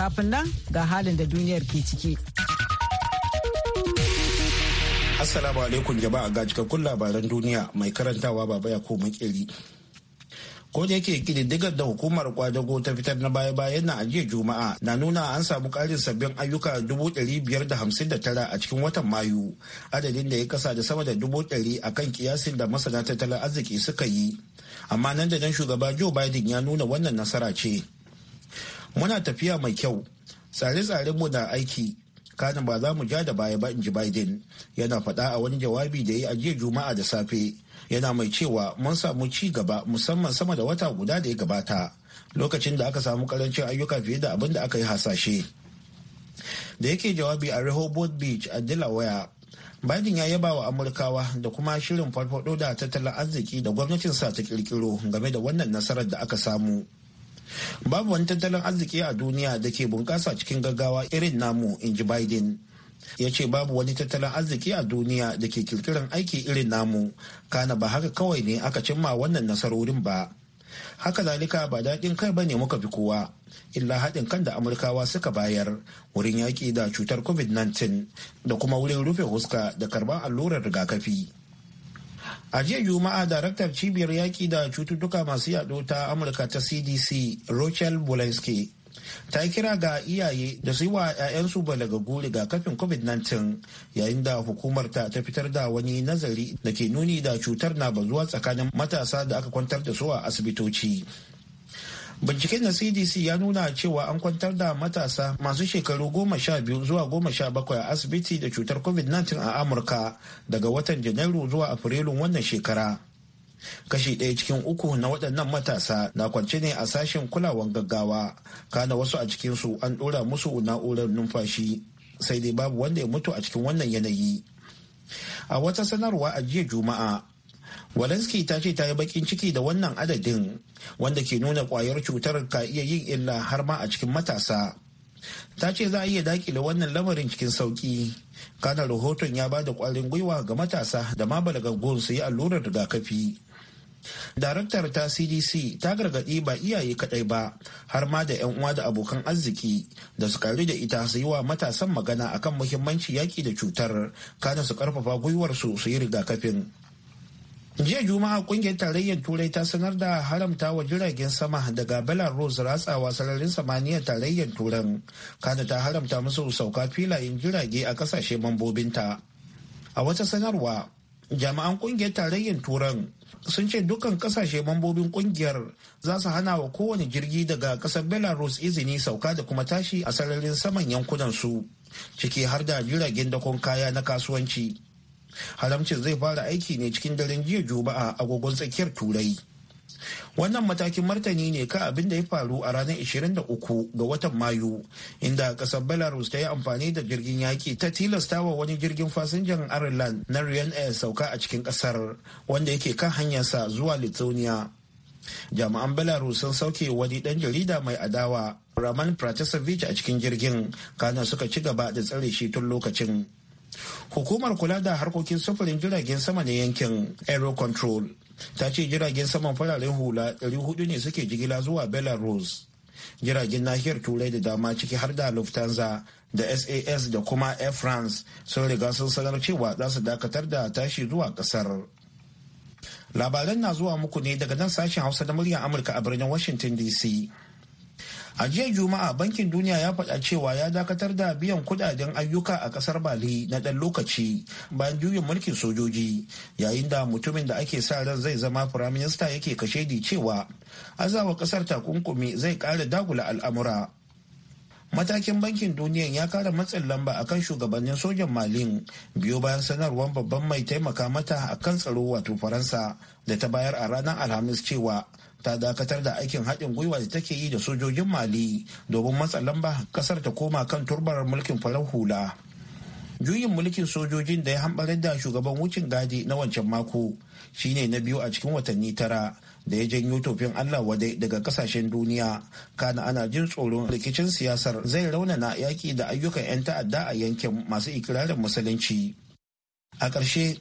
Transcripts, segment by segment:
Kafin nan ga halin da duniyar ke ciki. Assalamu alaikum jama'a ga cikakkun labaran duniya mai karantawa baba ya koma kiri. ko da yake kididdigar da hukumar kwadago ta fitar na baya-bayan na ajiyar juma'a na nuna an samu karin sabbin ayyuka 559 a cikin watan mayu adadin da ya kasa da sama da 100 a kan kiyasin da masana tattalin arziki suka yi amma nan da nan shugaba joe biden ya nuna wannan nasara ce muna tafiya mai kyau tsare-tsarenmu na aiki kanin ba za mu ja da baya ba in ji biden yana faɗa a wani jawabi da ya yi a jiya juma'a da safe yana mai cewa mun samu ci gaba musamman sama da wata guda da ya gabata lokacin da aka samu karancin ayyuka fiye da abin da aka yi hasashe da yake jawabi a rehoboth beach a delaware Biden ya yaba wa Amurkawa da kuma shirin farfado da tattalin arziki da gwamnatin sa ta kirkiro game da wannan nasarar da aka samu. babu wani tattalin arziki a duniya da ke bunƙasa cikin gaggawa irin namu in ji biden ya ce babu wani tattalin arziki a duniya da ke kirkiran aiki irin namu kana ba haka kawai ne aka cimma wannan nasarorin ba haka zalika ba daɗin kai ba ne muka fi kowa illa haɗin kan da amurkawa suka bayar wurin yaƙi da cutar covid-19 da kuma wurin rufe huska da karɓar allurar rigakafi a jiya juma'a daraktar cibiyar yaƙi da cututtuka masu yaɗo ta amurka ta cdc rochelle bolensky ta yi kira ga iyaye da su yi wa 'ya'yansu ga kafin covid-19 yayin da hukumar ta ta fitar da wani nazari da ke nuni da cutar na bazuwa tsakanin matasa da aka kwantar da su a asibitoci. Binciken na CDC ya nuna cewa an kwantar da matasa masu shekaru goma sha biyu zuwa goma sha bakwai a asibiti da cutar COVID-19 a Amurka daga watan Janairu zuwa Afrilun wannan shekara. Kashi ɗaya cikin uku na waɗannan matasa na kwance ne a sashen kulawan gaggawa, kana wasu a cikinsu an ɗora musu na'urar numfashi, sai dai babu wanda ya mutu a cikin wannan yanayi. A wata sanarwa a jiya Juma'a, Walensky ta ce ta yi bakin ciki da wannan adadin wanda ke nuna kwayar cutar ka iya yin illa har ma a cikin matasa. Ta ce za a iya dakile wannan lamarin cikin sauki. Kana rahoton ya bada kwarin gwiwa ga matasa da ma balagaggun su yi allurar rigakafi. Daraktar ta CDC ta gargaɗi ba iyaye kaɗai ba har ma da 'yan uwa da abokan arziki da su karu da ita su yi wa matasan magana akan muhimmanci yaƙi da cutar kana su ƙarfafa gwiwarsu su yi rigakafin. jiya juma'a kungiyar tarayyar turai ta sanar da haramta wa jiragen sama daga belarus ratsawa sararin samaniya tarayyar turan kada ta haramta musu sauka filayen jirage a kasashe mambobinta a wata sanarwa jami'an kungiyar tarayyar turan sun ce dukkan kasashe mambobin kungiyar za su hana wa kowane jirgi daga kasar belarus izini sauka da kuma tashi a sararin saman yankunan su ciki har da jiragen dakon kaya na kasuwanci haramcin zai fara aiki ne cikin daren jiya juma'a agogon tsakiyar turai wannan matakin martani ne ka abin da ya faru a ranar 23 ga watan mayu inda kasar belarus ta yi amfani da jirgin yaki ta tilastawa wani jirgin fasinjan ireland na ryanair sauka a cikin kasar wanda yake kan hanyarsa zuwa lithuania jami'an belarus sun sauke wani dan jarida mai adawa raman pratasevich a cikin jirgin kana suka ci gaba da tsare shi tun lokacin hukumar kula da harkokin sufurin jiragen sama na yankin aero control ta ce jiragen saman fararen hula 400 ne suke jigila zuwa belarus jiragen nahiyar turai da dama ciki har da lufthansa da sas da kuma air france sun riga sun sanar cewa za su dakatar da tashi zuwa kasar labaran na zuwa muku ne daga nan sashen hausa da muryar amurka a birnin washington dc a jiya juma'a bankin duniya ya faɗa cewa ya dakatar da biyan kudaden ayyuka a ƙasar bali na ɗan lokaci bayan juyin mulkin sojoji yayin da mutumin da ake sa ran zai zama firaminista yake kashe di cewa azawa ƙasar takunkumi zai ƙara dagula al'amura matakin bankin duniya ya kara matsin lamba akan shugabannin sojan malin biyo bayan sanarwar babban mai taimaka mata a kan tsaro wato faransa da ta bayar a ranar alhamis cewa ta dakatar da aikin haɗin gwiwa da take yi da sojojin mali domin matsa lamba kasar ta koma kan turbar mulkin farar hula juyin mulkin sojojin da ya hambar da shugaban wucin gadi na wancan mako shine na biyu a cikin watanni tara da ya janyo tofin allah wadai daga kasashen duniya kana ana jin tsoron rikicin siyasar zai raunana yaƙi da ayyukan 'yan ta'adda a yankin masu ikirarin musulunci a ƙarshe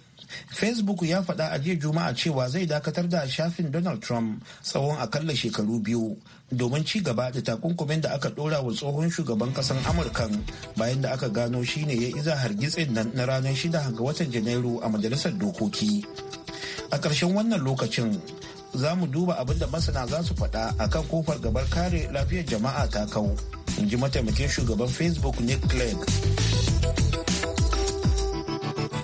facebook ya faɗa a jiya juma'a cewa zai dakatar da shafin donald trump tsawon akalla shekaru biyu domin ci gaba da takunkumin da aka ɗora wa tsohon shugaban ƙasar amurka bayan da aka gano shine ya iza hargitsin nan na ranar shida ga watan janairu a majalisar dokoki a ƙarshen wannan lokacin za mu duba abin da masana za su faɗa akan kofar gabar kare lafiyar jama'a ta kau in ji mataimakin shugaban facebook nick clegg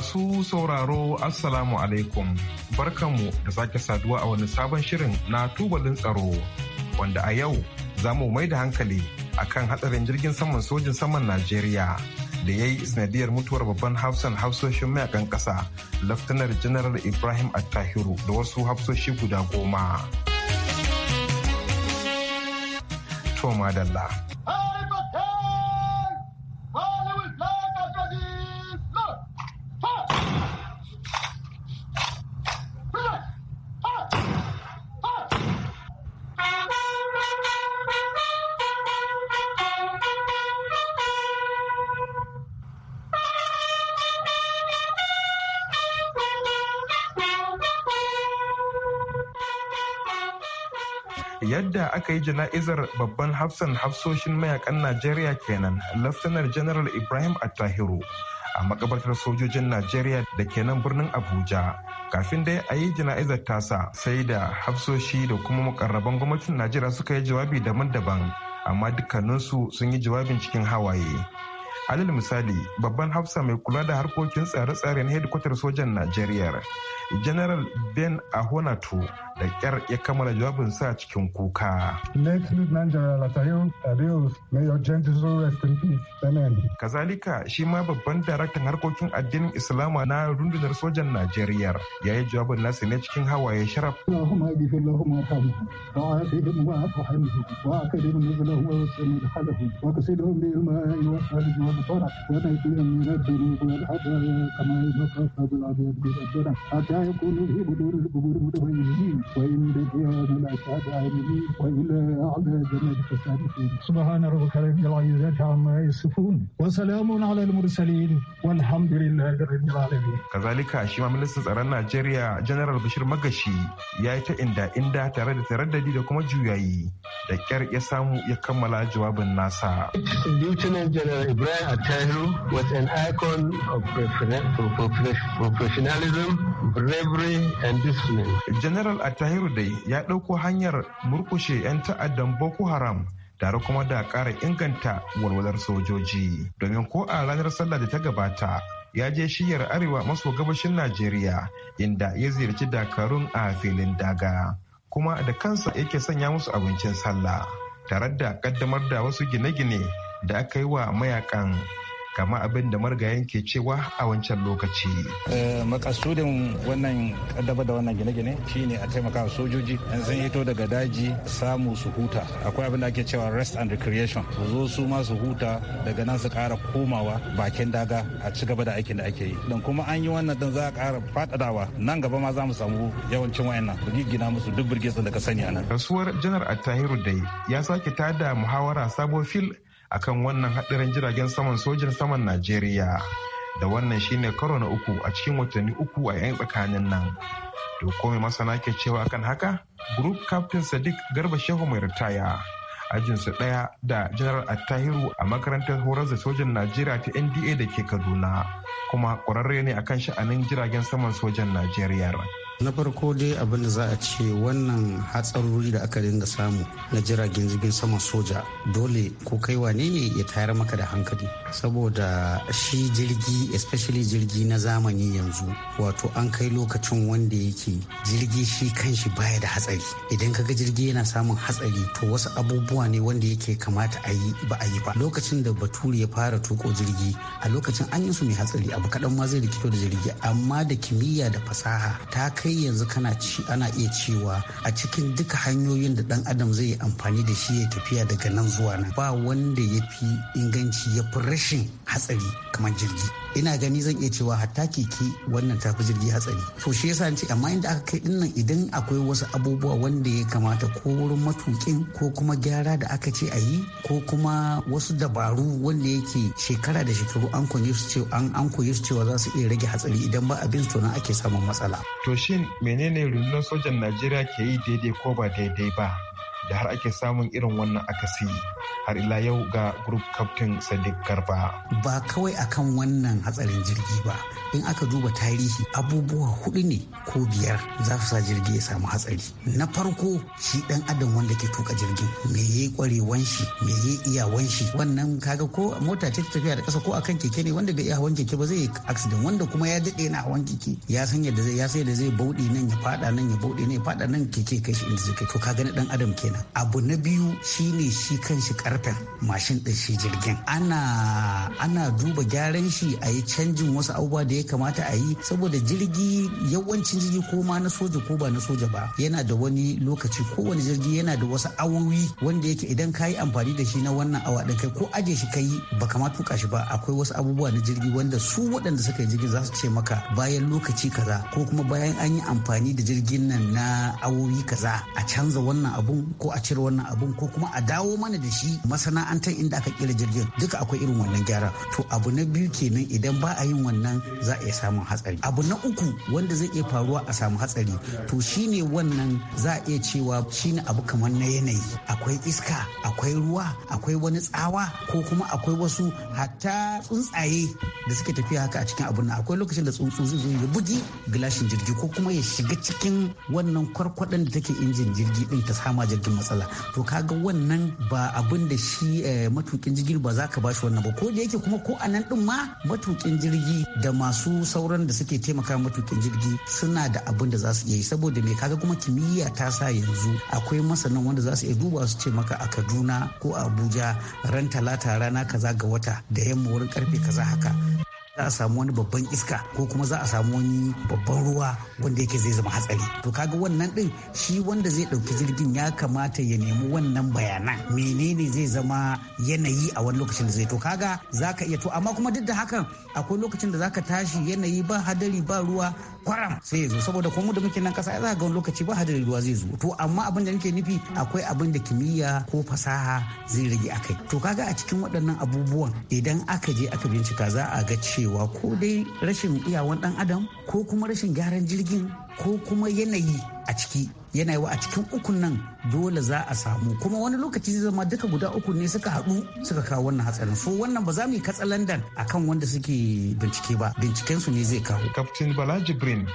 Masu sauraro Assalamu alaikum barkanmu da sake saduwa a wani sabon shirin na tubalin tsaro wanda a yau za mu mai da hankali kan hatsarin jirgin saman sojin saman Najeriya da ya yi sanadiyar mutuwar babban hafsan hafsoshin mayakan ƙasa Laftanar Janaral Ibrahim Attahiru da wasu hafsoshi guda goma. Toma Dalla. aka yi jana'izar babban hafsan hafsoshin mayakan najeriya kenan laftanar general ibrahim attahiru a makabartar sojojin najeriya da kenan birnin abuja kafin dai a yi jana'izar tasa sai da hafsoshi da kuma makarraban gwamnatin najeriya suka yi jawabi daban-daban amma dukkaninsu sun yi jawabin cikin hawaye alal misali babban hafsa mai kula da harkokin tsare-tsaren hedikwatar sojan najeriya general ben ahonatu da kyar ya kammala jawabin sa cikin kuka kazalika shi ma babban daraktan harkokin addinin islama na rundunar sojan najeriya ya yi jawabin nasa ne cikin hawaye sharaf ጦር ወደቂ የሚነብሩ ወልአደ ከመ سبحان ربك رب العزة عما يصفون وسلام على المرسلين والحمد لله رب العالمين كذلك شيما tsaron Najeriya General Bashir Magashi ya yi ta inda inda tare da taraddadi da kuma juyayi da kyar ya samu ya kammala jawabin nasa. Lieutenant at Attahiru was an icon of professionalism, bravery, and discipline. General Atahiru dai ya ɗauko hanyar murkushe 'yan ta'addan Boko Haram tare kuma da ƙara inganta walwalar sojoji. Domin ko a ranar sallah da ta gabata, ya je shiyar arewa maso gabashin Najeriya inda ya ziyarci dakarun a filin daga kuma da kansa yake sanya musu abincin sallah tare da ƙaddamar da wasu gine-gine da aka yi wa mayakan kama abin da margayen ke cewa a wancan lokaci. Eh, makasudin wannan kaddaba da wannan gine-gine shine a taimaka sojoji yan san hito daga daji samu su huta akwai abin da ake cewa rest and recreation su zo su ma su huta daga nan su kara komawa bakin daga a ci gaba da aikin da ake yi dan kuma an yi wannan dan za a kara fadadawa nan gaba ma za mu samu yawancin wayannan ku gina musu duk birgitsin da ka sani a nan. kasuwar janar attahiru dai ya sake tada muhawara sabo fil akan wannan haɗarin jiragen saman sojin saman Najeriya. Da wannan shine karo na uku a cikin watanni uku a 'yan tsakanin nan. To kome masana ke cewa akan haka? Group Captain Sadiq Garba Shehu mai ritaya. Ajinsa ɗaya da General Attahiru a makarantar horar da sojan Najeriya ta NDA da ke Kaduna. Kuma ƙwararre ne akan sha'anin jiragen saman sojan Najeriya. na farko dai abin da za a ce wannan hatsaruri da aka dinga samu na jiragen jirgin saman soja dole ko kai wane ne ya tayar maka da hankali saboda shi jirgi especially jirgi na zamani yanzu wato an kai lokacin wanda yake jirgi shi kanshi baya da hatsari idan kaga jirgi yana samun hatsari to wasu abubuwa ne wanda yake kamata a yi ba a yi ba lokacin da bature ya fara tuko jirgi a lokacin an yi su mai hatsari abu kaɗan ma zai rikito da jirgi amma da kimiyya da fasaha ta kai kai yanzu kana ci ana iya cewa a cikin duka hanyoyin da dan adam zai yi amfani da shi ya tafiya daga nan zuwa nan ba wanda ya fi inganci ya fi rashin hatsari kamar jirgi ina gani zan iya cewa hatta keke wannan tafi jirgi hatsari to shi yasa ce amma inda aka kai dinnan idan akwai wasu abubuwa wanda ya kamata ko wurin matukin ko kuma gyara da aka ce a yi ko kuma wasu dabaru wanda yake shekara da shekaru an koyi su cewa an koyi su cewa za su iya rage hatsari idan ba abin to ake samun matsala to shi menene rundunar sojan najeriya ke yi daidai ko ba daidai ba da har ake samun irin wannan akasi har ila yau ga group captain sadiq garba ba kawai akan wannan hatsarin jirgi ba in aka duba tarihi abubuwa hudu ne ko biyar za su sa jirgi ya samu hatsari na farko shi dan adam wanda ke tuka jirgin me yayi kwarewan shi me yayi iyawan shi wannan kaga ko mota ce ta tafiya da kasa ko akan keke ne wanda bai iya hawan keke ba zai yi accident wanda kuma ya dade yana hawan keke ya san yadda zai ya sai da zai bauɗi nan ya fada nan ya bauɗi nan ya fada nan keke kai shi inda zai kai to kaga na dan adam kenan abu na biyu shine shi kanshi karfen mashin din shi jirgin ana ana duba gyaran shi a yi canjin wasu abubuwa da ya kamata a yi saboda jirgi yawancin jirgi ko ma na soja ko ba na soja ba yana da wani lokaci kowane jirgi yana da wasu awowi wanda yake idan ka yi amfani da shi na wannan awa ɗin kai ko aje shi kai ba ma tuka shi ba akwai wasu abubuwa na jirgi wanda su waɗanda suka yi jirgi za su ce maka bayan lokaci kaza ko kuma bayan an yi amfani da jirgin nan na awowi kaza a canza wannan abun ko a cire wannan abun ko kuma a dawo mana da shi masana'antar inda aka kira jirgin duka akwai irin wannan gyara to abu na biyu kenan idan ba a yin wannan za a iya samun hatsari abu na uku wanda zai iya faruwa a samu hatsari to shine wannan za a iya cewa shine abu kamar na yanayi akwai iska akwai ruwa akwai wani tsawa ko kuma akwai wasu hatta tsuntsaye da suke tafiya haka a cikin abun nan akwai lokacin da tsuntsu zai zo ya bugi gilashin jirgi ko kuma ya shiga cikin wannan kwarkwadon da take injin jirgi din ta sama jirgin cikin matsala to kaga wannan ba abin da shi eh, matukin jirgi ba za ka bashi wannan ba ko da yake kuma ko a nan din ma matukin jirgi da masu sauran da suke taimaka matukin jirgi suna da abin da za su iya yi saboda me kaga kuma kimiyya ta sa yanzu akwai masanan wanda za su iya duba su ce maka a Kaduna ko a Abuja ran talata rana kaza ga wata da yamma wurin karfe kaza haka za a samu wani babban iska ko kuma za a samu wani babban ruwa wanda yake zai zama hatsari to kaga wannan din shi wanda zai dauki jirgin ya kamata ya nemi wannan bayanan menene zai zama yanayi a wani lokacin da zai to kaga zaka iya to amma kuma duk da hakan akwai lokacin da zaka tashi yanayi ba hadari ba ruwa kwaram sai ya zo saboda kuma da muke nan kasa za ga wani lokaci ba hadarin ruwa zai zo to amma abin da nake nufi akwai abin da kimiyya ko fasaha zai rage akai to kaga a cikin waɗannan abubuwan idan aka je aka bincika za a ga cewa ko dai rashin iyawan dan adam ko kuma rashin gyaran jirgin ko kuma yanayi a ciki yana yawa a cikin ukun nan dole za a samu kuma wani lokaci zai zama duka guda uku ne suka haɗu suka kawo wannan hatsarin so wannan ba za mu yi a kan wanda suke bincike ba bincikensu ne zai kawo captain bala jibrin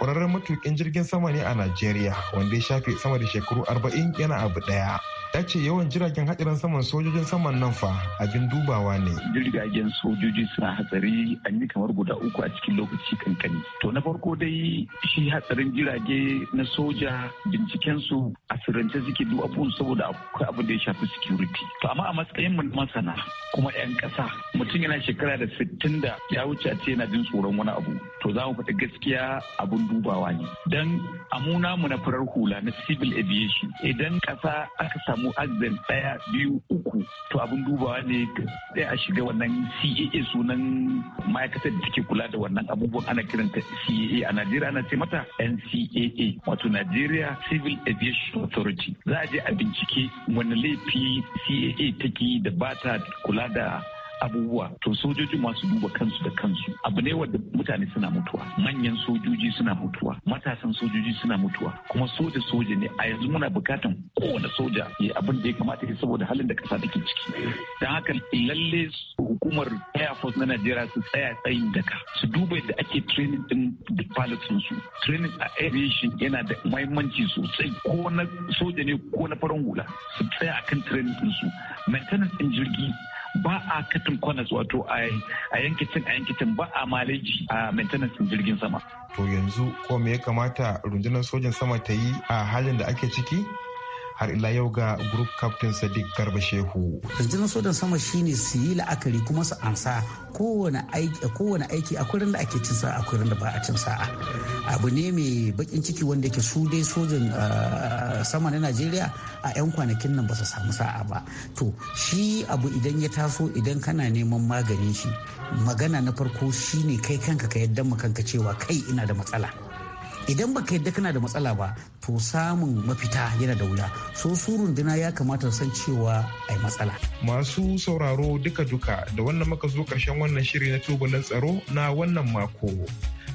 ƙwararren matuƙin jirgin sama ne a nigeria wanda ya shafe sama da shekaru arba'in yana abu ɗaya yace ce yawan jiragen hadirin saman sojojin saman nan fa abin dubawa ne. Jiragen sojoji suna hatsari an yi kamar guda uku a cikin lokaci kankani. To na farko dai shi hatsarin jirage na soja binciken su a sirrance suke duk abun saboda akwai abin da ya shafi security to amma a matsayin mu masana kuma yan kasa mutum yana shekara da sittin da ya wuce a ce yana jin tsoron wani abu to za mu faɗi gaskiya abun dubawa ne dan amuna mu na farar hula na civil aviation idan kasa aka samu accident ɗaya biyu uku to abun dubawa ne sai a shiga wannan CAA sunan ma'aikatar da take kula da wannan abubuwan ana kiranta CAA a Najeriya ana ce mata NCAA wato wato Nigeria Civil Aviation Authority. Za a je a bincike wani laifi CAA take da bata kula da abubuwa to sojoji masu duba kansu da kansu abu ne wanda mutane suna mutuwa manyan sojoji suna mutuwa matasan sojoji suna mutuwa kuma soja soja ne a yanzu muna bukatan kowane soja ya abin da ya kamata ya saboda halin da kasa take ciki dan haka lalle hukumar air force na najeriya su tsaya tsayin daka su duba yadda ake training din pilotin su training a aviation yana da mahimmanci sosai ko na soja ne ko na farin hula su tsaya akan training din su maintenance din jirgi ba a katin kwanas wato a yankicin a yankicin ba a maleji a maintenance jirgin sama. To yanzu ko me ya kamata rundunar sojan sama ta yi a halin da ake ciki? har ila yau ga group captain sadiq garba shehu rundunar sojan sama shine su yi la'akari kuma su amsa kowane aiki kowane aiki akwai ran ake cin sa'a akwai ran da ba a cin sa'a abu ne mai bakin ciki wanda ke su dai sojan ah, sama na najeriya a 'yan kwanakin nan ba su samu sa'a ba to shi abu idan ya taso idan kana neman maganin shi magana na farko shine kai kanka ka yadda kanka cewa kai ina da matsala idan baka yadda kana da matsala ba to samun mafita yana da wuya so su runduna ya kamata san cewa ai matsala masu sauraro duka duka da wannan muka zo karshen wannan shiri na tubalin tsaro na wannan mako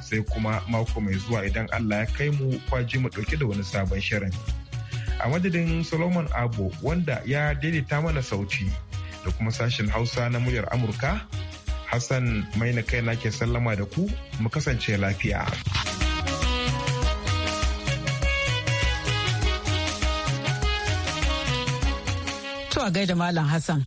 sai kuma mako mai zuwa idan Allah ya kai mu kwaji mu dauke da wani sabon shirin a madadin solomon abu wanda ya daidaita mana sauti da kuma sashen hausa na muryar amurka hassan mai na kai na ke sallama da ku mu kasance lafiya. a gaida Malam Hassan.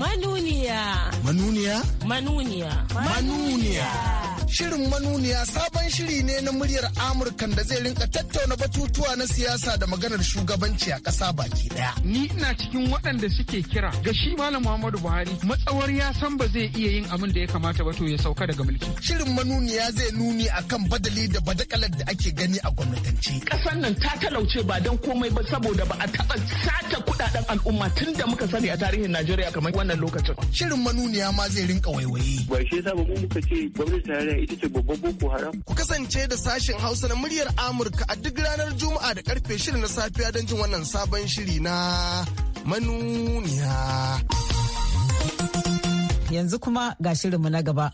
Manuniya. Manuniya. Manuniya? Manuniya. Manuniya. Shirin manuniya sabon shiri ne na muryar Amurkan da zai rinka tattauna batutuwa na siyasa da maganar shugabanci a ƙasa baki ɗaya. Ni ina cikin waɗanda suke kira ga shi Malam Muhammadu Buhari matsawar ya san ba zai iya yin abin da ya kamata ba to ya sauka daga mulki. Shirin manuniya zai nuni akan badali da badakalar da ake gani a gwamnatance. Ƙasar nan ta talauce ba don komai ba saboda ba a taɓa satar kudaden al'umma tun da muka sani a tarihin Najeriya kamar wannan lokacin. Shirin manuniya ma zai rinka waiwaye. Ba shi yasa ba muka ce gwamnatin tarayya ita ce babban boko haram. Ku kasance da sashen Hausa na muryar Amurka a duk ranar Juma'a da karfe shirin na safiya don jin wannan sabon shiri na manuniya. Yanzu kuma ga shirinmu na gaba.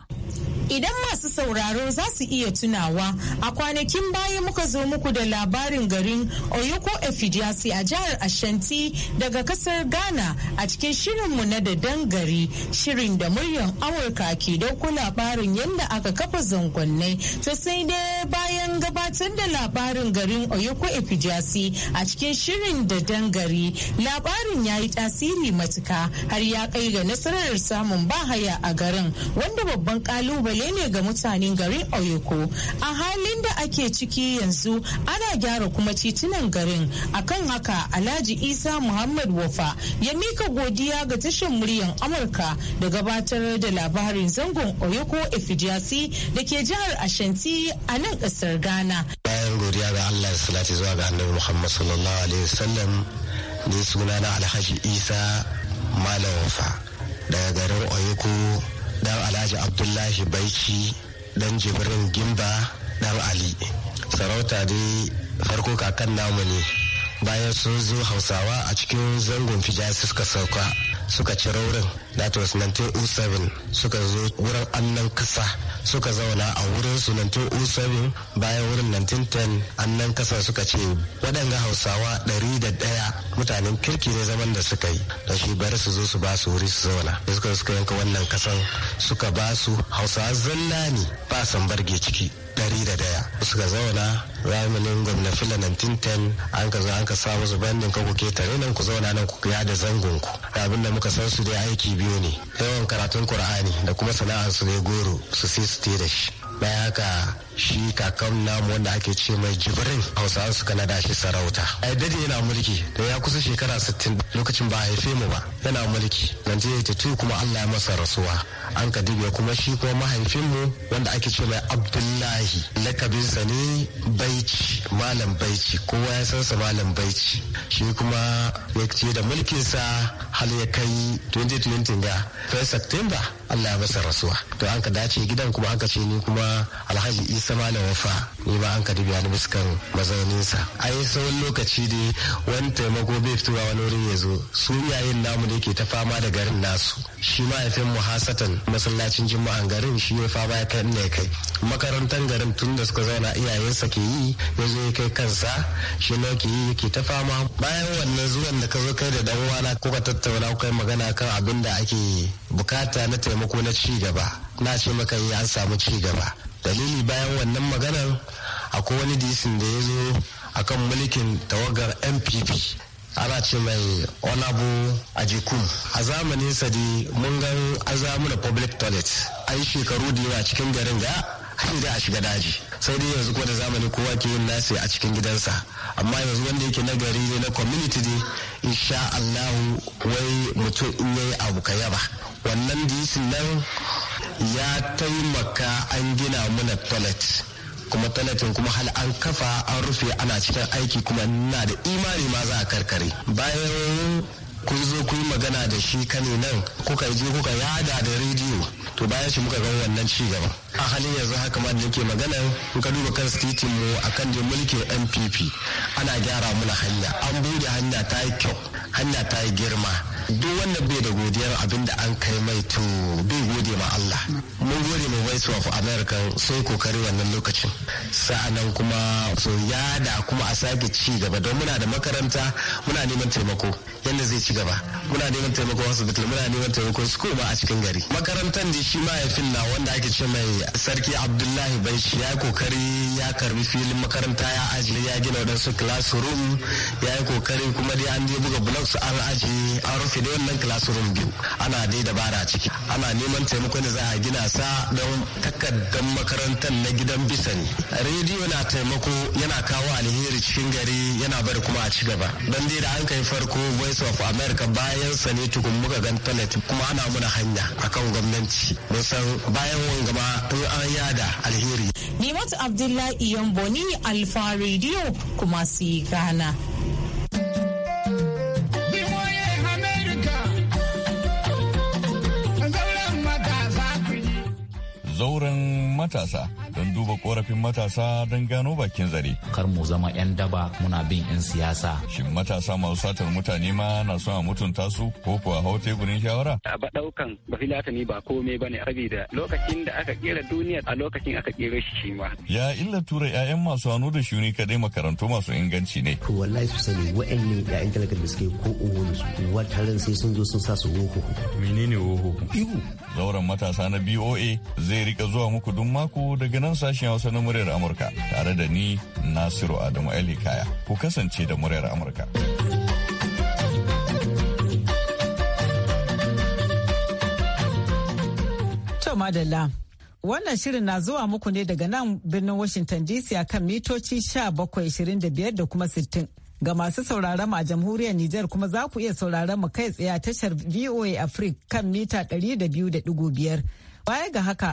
Idan masu sauraro za su iya tunawa a kwanakin baya muka zo muku da labarin garin Oyoko Efidiasi a jihar Ashanti daga kasar Ghana a cikin shirinmu na da dangare shirin da muryan Amurka ke dauko labarin yadda aka kafa zangonnai ta sai dai bayan gabatar da labarin garin Oyoko Efidiasi a cikin shirin da dangare labarin ya yi tasiri matuka har ya kai ga nasarar samun bahaya a garin wanda babban kalubale kalubale ne ga mutanen garin Oyoko. A halin da ake ciki yanzu ana gyara kuma titunan garin. Akan haka Alhaji Isa Muhammad Wafa ya mika godiya ga tashar muryan Amurka da gabatar da labarin zangon Oyoko efijiasi da ke jihar Ashanti a nan kasar Ghana. Bayan godiya ga Allah ya salati zuwa ga Annabi Muhammad sallallahu alaihi wasallam ne sunana Alhaji Isa Malam Wafa daga garin Oyoko dan alhaji abdullahi baiki dan jibrin gimba dan ali sarauta dai farko kakan namu ne bayan sun zo hausawa a cikin zangon fija suka sauka suka ci raurin that was 1907 suka zo wurin annan kasa suka zauna a wurin su 1907 bayan wurin 1910 annan kasa suka ce waɗanga hausawa 101 mutanen kirki ne zaman da suka yi da shi bari su zo su ba su wuri su zauna da suka suka yanka wannan kasan suka ba su hausawa zalla ne ba san barge ciki ɗari da daya suka zauna zamanin gwamna fila 1910 an ka zo an ka sa musu bandin ka ku ke tare nan ku zauna nan ku ya da zangonku ku abin da muka san su dai aiki biyu ne yawan karatun Kur'ani da kuma sana'ar su ne goro su sai su da shi. Bayan haka shi kakan namu wanda ake ce mai jibrin hausawa suka nada shi sarauta ai dade yana mulki da ya kusa shekara 60 lokacin ba a haife mu ba yana mulki je ta tu kuma allah ya masa rasuwa an ka dubiya kuma shi kuma mahaifinmu wanda ake ce mai abdullahi lakabinsa ne baici malam baici kowa ya san sa malam baici shi kuma ya ce da mulkinsa hal ya kai 2020 ga 1 september allah ya masa rasuwa to an ka dace gidan kuma aka ce ni kuma alhaji isa isa malam wafa ni ba an ka dubiya ni biskan mazauninsa yi tsawon lokaci da wani taimako bai fitowa wani wurin ya zo su yayin namu da yake ta fama da garin nasu shi mahaifin mu hasatan masallacin jima'an garin shi ya fama ya kai ya kai makarantar garin tun da suka zauna iyayensa ke yi ya zo ya kai kansa shi na ke yi yake ta fama bayan wannan zuwan da ka zo kai da dan uwana kuka tattauna kai magana kan abin da ake bukata na taimako na ci gaba na ce maka yi eh, an samu ci gaba dalili bayan wannan maganar akwai wani disin da ya zo a kan mulkin tawagar npp ana ce mai onabu Ajikun. a zamanin sa dai mun gan azamuna public toilet an shekaru da yawa cikin garin ga sai a shiga daji sai dai yanzu kuma da zamani kowa ke yin nasi a cikin gidansa amma yanzu wanda yake na gari ne na community dai insha Allahu wai mutum in yayi abu ka yaba wannan dishin nan ya taimaka an gina mana toilet kuma talatin kuma hal an kafa an rufe ana cikin aiki kuma na da imani ma za a karkare bayan kun zo kun magana da shi kane nan kuka je kuka yada da rediyo to bayan shi muka ga wannan ci gaba a halin yanzu haka ma da nake magana in duba kan titin mu akan da mulkin npp ana gyara mana hanya an bude hanya ta yi kyau hanya ta yi girma duk wanda bai da godiyar abin da an kai mai to bai gode ma Allah mun gode ma voice of america sai kokari wannan lokacin sa'anan kuma so da kuma a sake ci gaba don muna da makaranta muna neman taimako yadda zai ci gaba muna neman taimako hospital muna neman taimako school ma a cikin gari makarantar da shi mahaifin na wanda ake ce mai sarki abdullahi bai shi ya kokari ya karbi filin makaranta ya ajiye ya gina wadansu classroom ya yi kokari kuma dai an je buga blocks an ajiye an rufe ce da wannan classroom biyu ana dai dabara ciki ana neman taimakon da za a gina sa don takardar makarantar na gidan bisa ne rediyo na taimako yana kawo alheri cikin gari yana bari kuma a ci gaba don dai da an kai farko voice of america bayan sa ne tukun muka gan talent kuma ana muna hanya akan gwamnati mun san bayan wangama ma in an yada alheri Nimatu Abdullahi Yamboni Alfa Radio kuma si gana. Zoran matasa don duba korafin matasa don gano bakin zare. Kar mu zama 'yan daba muna bin 'yan siyasa. Shin matasa masu satar mutane ma na son a mutunta su ko kuwa hau teburin shawara? A ba ɗaukan ba filatani ba komai ba ne da lokacin da aka kera duniya a lokacin aka kera shi shi ma. Ya illa tura 'ya'yan masu hannu da shuni kadai makarantu masu inganci ne. To wallahi su sani ne 'ya'yan talakar da suke ko uwan su sai sun zo sun sa su woho. Menene woho? Ihu. Zauren matasa na BOA zai rika zuwa muku duk mako daga nan sashen Hausa na muryar Amurka tare da ni Nasiru Adamu eli Kaya. Ku kasance da muryar Amurka. To madalla. Wannan shirin na zuwa muku ne daga nan birnin Washington DC a kan mitoci 1725 da kuma 60. Ga masu sauraron a jamhuriyar Nijar kuma za ku iya sauraron mu kai tsaye a tashar VOA Africa kan mita 200.5. Baya ga haka,